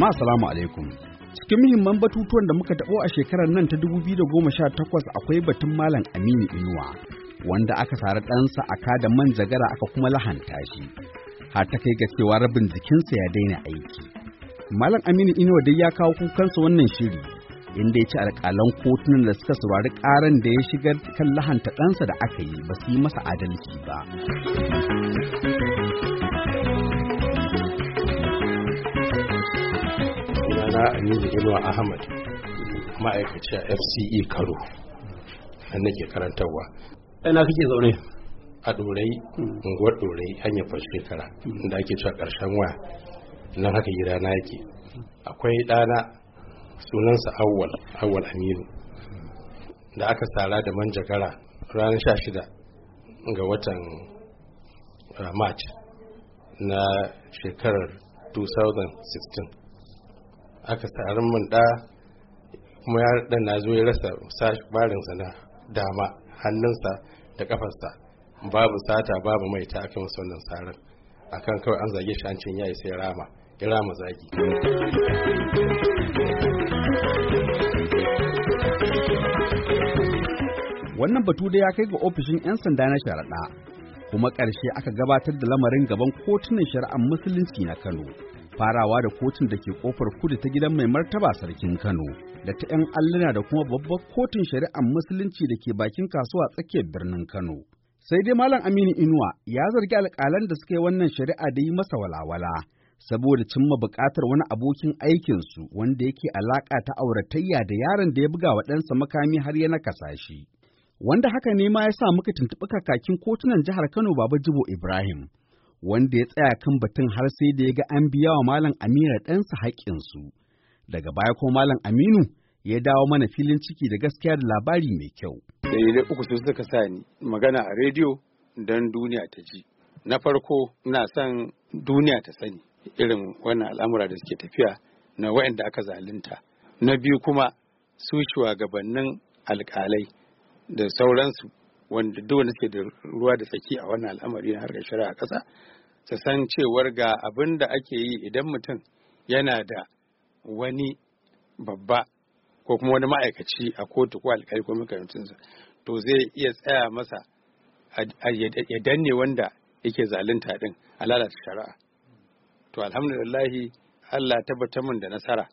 Jama'a salamu alaikum. Cikin muhimman batutuwan da muka taɓo a shekarar nan ta 2018 akwai batun Malam Aminu Inuwa, wanda aka sari ɗansa a kada manjagara aka kuma lahanta shi, har ta kai ga cewa rabin jikinsa ya daina aiki. Malam Aminu Inuwa dai ya kawo kukansa wannan shiri, inda ya ci alƙalan kotunan da suka saurari ƙaran da ya shigar kan lahanta ɗansa da aka yi ba su yi masa adalci ba. na aminu inuwa ahmad ma'aikaci a fce karo a nake karantarwa ina kake zaune a dorai unguwar dorai hanyar fashe shekara da ake cewa karshen waya nan haka gida na yake akwai ɗana sunansa awwal awwal aminu da aka tsara da manjagara ranar shida ga watan ah, march na shekarar 2016 aka tsarin min da kuma ya dan na zo ya rasa barin sa na dama hannunsa da kafarsa babu sata babu mai ta akan wannan tsarin akan kawai an zage shi an cin yayi sai rama ya rama zagi wannan batu da ya kai ga ofishin 'yan sanda na sharaɗa kuma ƙarshe aka gabatar da lamarin gaban kotunan shari'ar musulunci na kano farawa da kotun da ke kofar kudu ta gidan mai martaba sarkin Kano da ta 'yan alluna da kuma babbar kotun shari'ar musulunci da ke bakin kasuwa tsakiyar birnin Kano. Sai dai Malam Aminu Inuwa ya zargi alƙalan da suka yi wannan shari'a da yi masa walawala saboda cimma buƙatar wani abokin aikinsu wanda yake alaƙa ta auratayya da yaron da ya buga wa ɗansa makami har ya nakasa shi. Wanda haka ne ma ya sa muka tuntuɓi kakakin kotunan jihar Kano Baba Jibo Ibrahim. wanda ya tsaya kan batun har sai da ya ga an biya wa Malam Aminu ɗansa haƙƙinsu. Daga baya kuma Malam Aminu ya dawo mana filin ciki da gaskiya da labari mai kyau. Dalilai uku su suka sa ni magana a rediyo don duniya ta ji. Na farko ina son duniya ta sani irin wannan al'amura da suke tafiya na waɗanda aka zalunta. Na biyu kuma su shugabannin alƙalai da sauransu wanda duk wanda suke da ruwa da tsaki a wannan al'amari na harkar shari'a ƙasa su san cewar ga abin da ake yi idan mutum yana da wani babba ko kuma wani ma'aikaci a kotu ko alkali ko makarantunsa to zai iya tsaya masa ya danne wanda yake zalunta din a lalata shari'a to alhamdulillahi Allah tabbatar min da nasara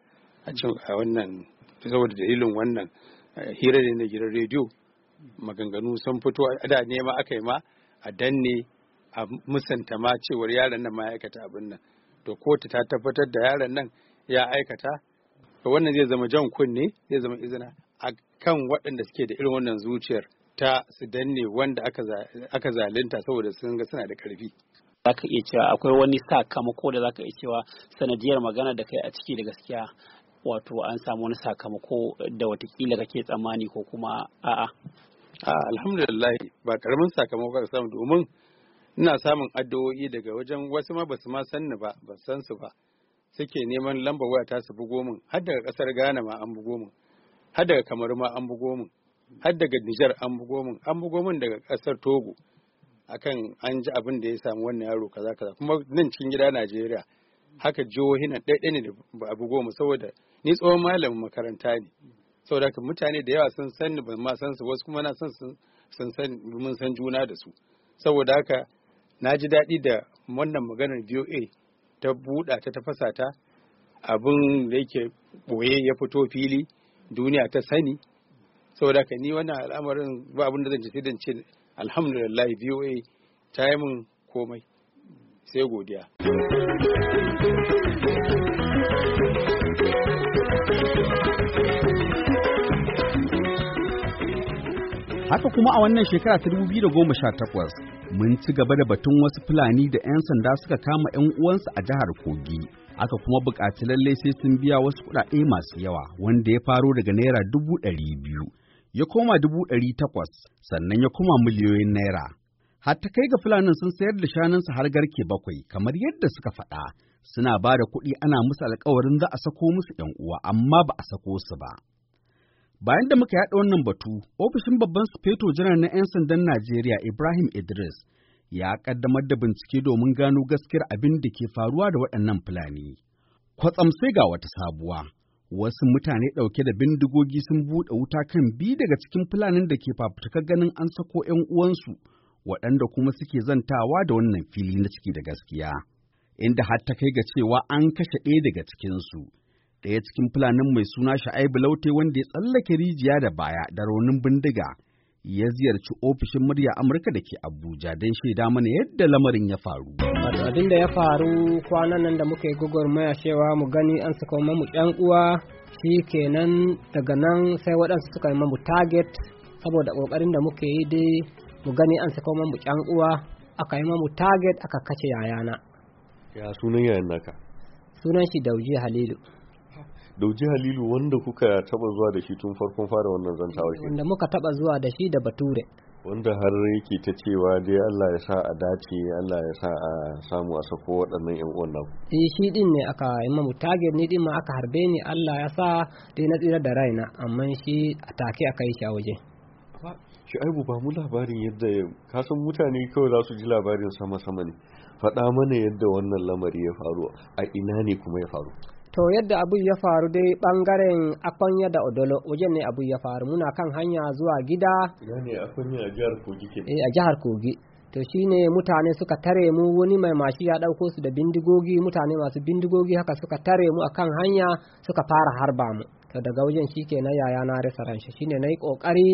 a cikin wannan saboda dalilin wannan eh, hira ne na gidan rediyo maganganu sun fito da nema aka yi ma a danne a musanta ma cewar yaron nan ma ya aikata abin nan to kotu ta tabbatar da yaron nan ya aikata to wannan zai zama jan kunne zai zama izina a kan waɗanda suke da irin wannan zuciyar ta su danne wanda aka zalunta saboda sun ga suna da ƙarfi zaka iya cewa akwai wani sakamako da zaka iya cewa sanadiyar magana da kai a ciki da gaskiya wato an samu wani sakamako da watakila kake tsammani ko kuma a'a alhamdulillah ba karamin sakamako da samu domin ina samun addu'o'i daga wajen wasu ma basu ma sanni ba ba san su ba suke neman lambar waya ta su bugo min har daga kasar Ghana ma an bugo min har daga Kamaru ma an bugo min har daga Niger an bugo min an bugo min daga kasar Togo akan an ji abin da ya samu wannan yaro kaza kaza kuma nan cikin gida Najeriya haka jihohi na ɗaiɗai ne da ba a bugo mu saboda ni tsohon malamin makaranta ne saboda haka mutane da yawa sun san ban ma san su wasu kuma na san sun san mun san juna da su saboda haka na ji daɗi da wannan maganar VOA ta buɗa ta tafasa ta abin da yake ɓoye ya fito fili duniya ta sani saboda haka ni wannan al'amarin ba abin da zan ce sai dan ce alhamdulillah VOA ta yi min komai sai godiya. Haka kuma a wannan shekara ta 2018 mun ci gaba da batun wasu Fulani da 'yan sanda suka kama 'yan uwansu a jihar Kogi. Aka kuma buƙaci lallai sai sun biya wasu kuɗaɗe masu yawa wanda ya faro daga naira dubu ɗari biyu, ya koma dubu ɗari takwas, sannan ya koma miliyoyin naira. ta kai ga Fulanin sun sayar da shanunsu har garke bakwai kamar yadda suka faɗa. Suna ba da kuɗi ana musu alkawarin za a sako musu ‘yan uwa amma ba a sako su ba. Bayan da muka yaɗa wannan batu, ofishin babban sufeto janar na 'yan sandan Najeriya Ibrahim Idris ya ƙaddamar da bincike domin gano gaskiyar abin da ke faruwa da waɗannan Fulani. Kwatsam sai ga wata sabuwa, wasu mutane ɗauke da bindigogi sun buɗe wuta kan biyu daga cikin Fulanin da ke fafutukar ganin an sako 'yan uwansu, waɗanda kuma suke zantawa da wannan fili na ciki da gaskiya, inda har ta kai ga cewa an kashe ɗaya daga cikinsu. ɗaya cikin fulanin mai suna sha'aibu Laute wanda ya tsallake rijiya da baya da raunin bindiga ya ziyarci ofishin murya Amurka da ke Abuja don shaida mana yadda lamarin ya faru. Abin da ya faru kwanan nan da muka yi maya cewa mu gani an kawo mamu ɗan uwa shi kenan daga nan sai waɗansu suka yi mamu target saboda ƙoƙarin da muke yi dai mu gani an kawo mamu ɗan uwa aka yi mamu target aka kace yayana. Ya sunan yayan naka? Sunan shi Dauji Halilu. dauji halilu wanda kuka taba zuwa da shi tun farkon fara wannan zantawa shi? wanda muka taba zuwa da shi da bature wanda har yake ta cewa dai Allah ya sa a dace Allah ya sa a samu a sako waɗannan ƴan uwan nan eh shi din ne aka yi mamu ni din ma aka harbe ni Allah ya sa dai na tsira da raina amma shi a take aka yi shi a waje Shu'aibu ba mu labarin yadda ka san mutane kawai za su ji labarin sama sama ne faɗa mana yadda wannan lamari ya faru a ina ne kuma ya faru to yadda abu ya faru dai bangaren akwanya da odolo wajen ne abu ya faru muna kan hanya zuwa gida ne akwanya a jihar kogi ke eh, a jihar kogi to shine mutane suka tare mu wani mai mashi ya dauko su da bindigogi mutane masu bindigogi haka suka tare mu akan hanya suka fara harba mu to daga wajen shi ke na yaya na rasa ranshi shine na yi ƙoƙari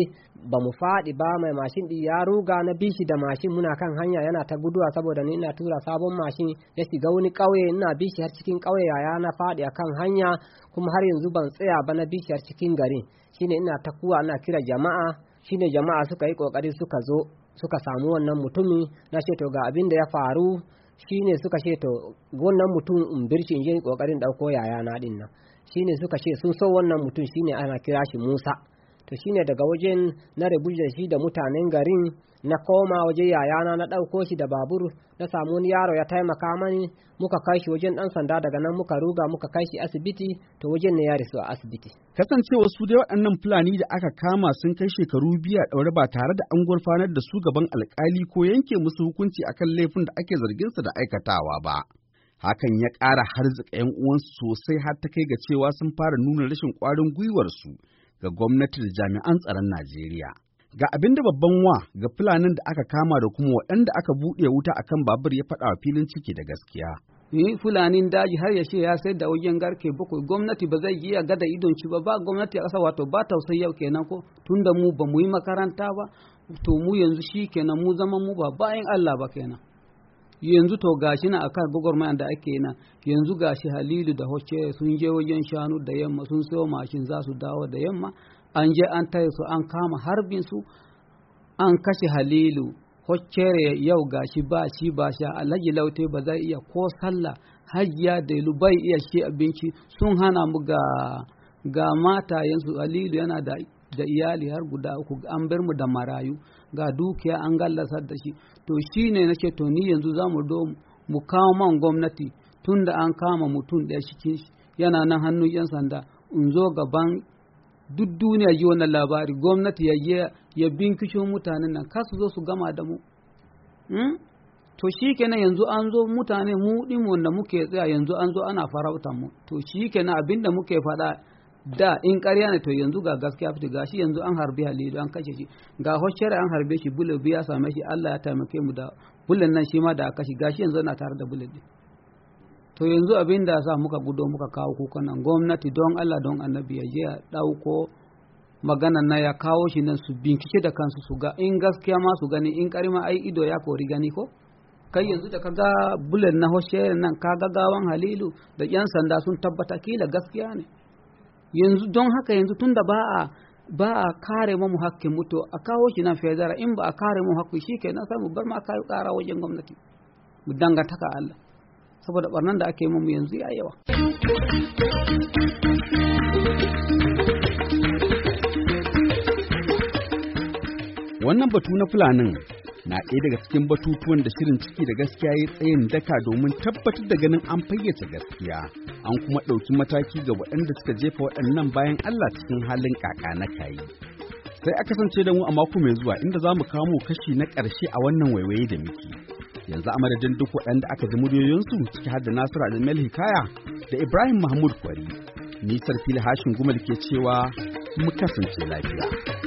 ba mu faɗi ba mai mashin ɗi ya ruga na bishi da mashin muna kan hanya yana ta guduwa saboda ni ina tura sabon mashin ya shiga wani kauye ina bishi har cikin kauye yaya na faɗi a kan hanya kuma har yanzu ban tsaya ba na bishi har cikin garin shine ina ta kuwa ina kira jama'a shine jama'a suka yi kokari suka zo suka samu wannan mutumin na ce to ga abin da ya faru Shi ne suka ce to wannan mutum in birci in je kokarin dauko yaya na din nan ne suka ce sun so wannan mutum shine ana kira shi Musa to shine daga wajen na rabu da shi da mutanen garin na koma waje yayana na ɗauko shi da babur na samu wani yaro ya taimaka mani muka kai shi wajen ɗan sanda daga nan muka ruga muka kai shi asibiti to wajen ne ya rasu a asibiti. Kasancewa su dai waɗannan fulani da aka kama sun kai shekaru biya ɗaure ba tare da an gurfanar da su gaban alkali ko yanke musu hukunci akan laifin da ake zargin su da aikatawa ba. Hakan ya ƙara harzika 'yan uwansu sosai har ta kai ga cewa sun fara nuna rashin ƙwarin gwiwarsu ga gwamnatin jami'an tsaron Najeriya. Ga abin da babban wa ga fulanin da aka kama da kuma waɗanda aka buɗe wuta a kan babur ya faɗa wa filin ciki da gaskiya. Ni fulanin daji har ya ce ya sai da wajen garke bakwai gwamnati ba zai iya gada idon ci ba ba gwamnati a ƙasa wato ba tausayi yau kenan ko tunda mu ba mu yi makaranta ba to mu yanzu shi kenan mu zama mu ba bayan Allah ba kenan. yanzu to gashi na akan gwagwarmayan da ake na yanzu gashi halilu da hoce sun je wajen shanu da yamma sun sayo mashin za su dawo da yamma an je an taya su an kama harbin su an kashe halilu hoccere yau gashi ba shi ba sha alhaji laute ba zai iya ko sallah hajiya da bai iya shi abinci sun hana mu ga ga matayensu halilu yana da da iyali har guda uku an bar mu da marayu ga dukiya an gallasar da shi to shine na ce to ni yanzu za mu do mu kawo man gwamnati tun da an kama mutum ɗaya shi yana nan hannun yan sanda in zo gaban duk duniya ji wannan labari gwamnati ya ya kishin mutanen nan kasu zo su gama da mu hmm? to shi kenan yanzu an zo mutane mu ɗin wanda muke tsaya yanzu an zo ana farautan mu to shi kenan abinda muke faɗa da in ƙarya ne to yanzu ga gaskiya fita gashi yanzu an harbi halilu an kashe shi ga hoshiyar an harbe shi bulle biya same shi Allah ya taimake mu da bullen nan shi ma da aka shi gashi yanzu na tare da bullet din to yanzu abin da sa muka gudo muka kawo kuka nan gwamnati don Allah don annabi ya je ya dauko magana na ya kawo shi nan su bincike da kansu su ga in gaskiya ma su gani in karima ai ido ya kori gani ko kai yanzu da kaga bullet na hoshiyar nan kaga gawan halilu da yan sanda sun tabbata kila gaskiya ne yanzu don haka yanzu tunda ba a ba a kare mu hakkin mutu a kawo shi nan federa in ba a kare mu hakkin shi ke nan sai mu bar ma kayo kara wajen gwamnati mu dangantaka Allah saboda barnan da ake mu yanzu ya yawa wannan batu na fulanin na ɗaya daga cikin batutuwan da shirin ciki da gaskiya ya tsayin daka domin tabbatar da ganin an fayyace gaskiya an kuma ɗauki mataki ga waɗanda suka jefa waɗannan bayan Allah cikin halin kaka na kayi. Sai a kasance da mu a mako mai zuwa inda za mu kawo kashi na ƙarshe a wannan waiwaye da muke. Yanzu a madadin duk waɗanda aka ji muryoyinsu ciki har da Nasiru Adamel Hikaya da Ibrahim Mahmud Kwari. Ni Sarfili Hashin Gumal ke cewa mu kasance lafiya.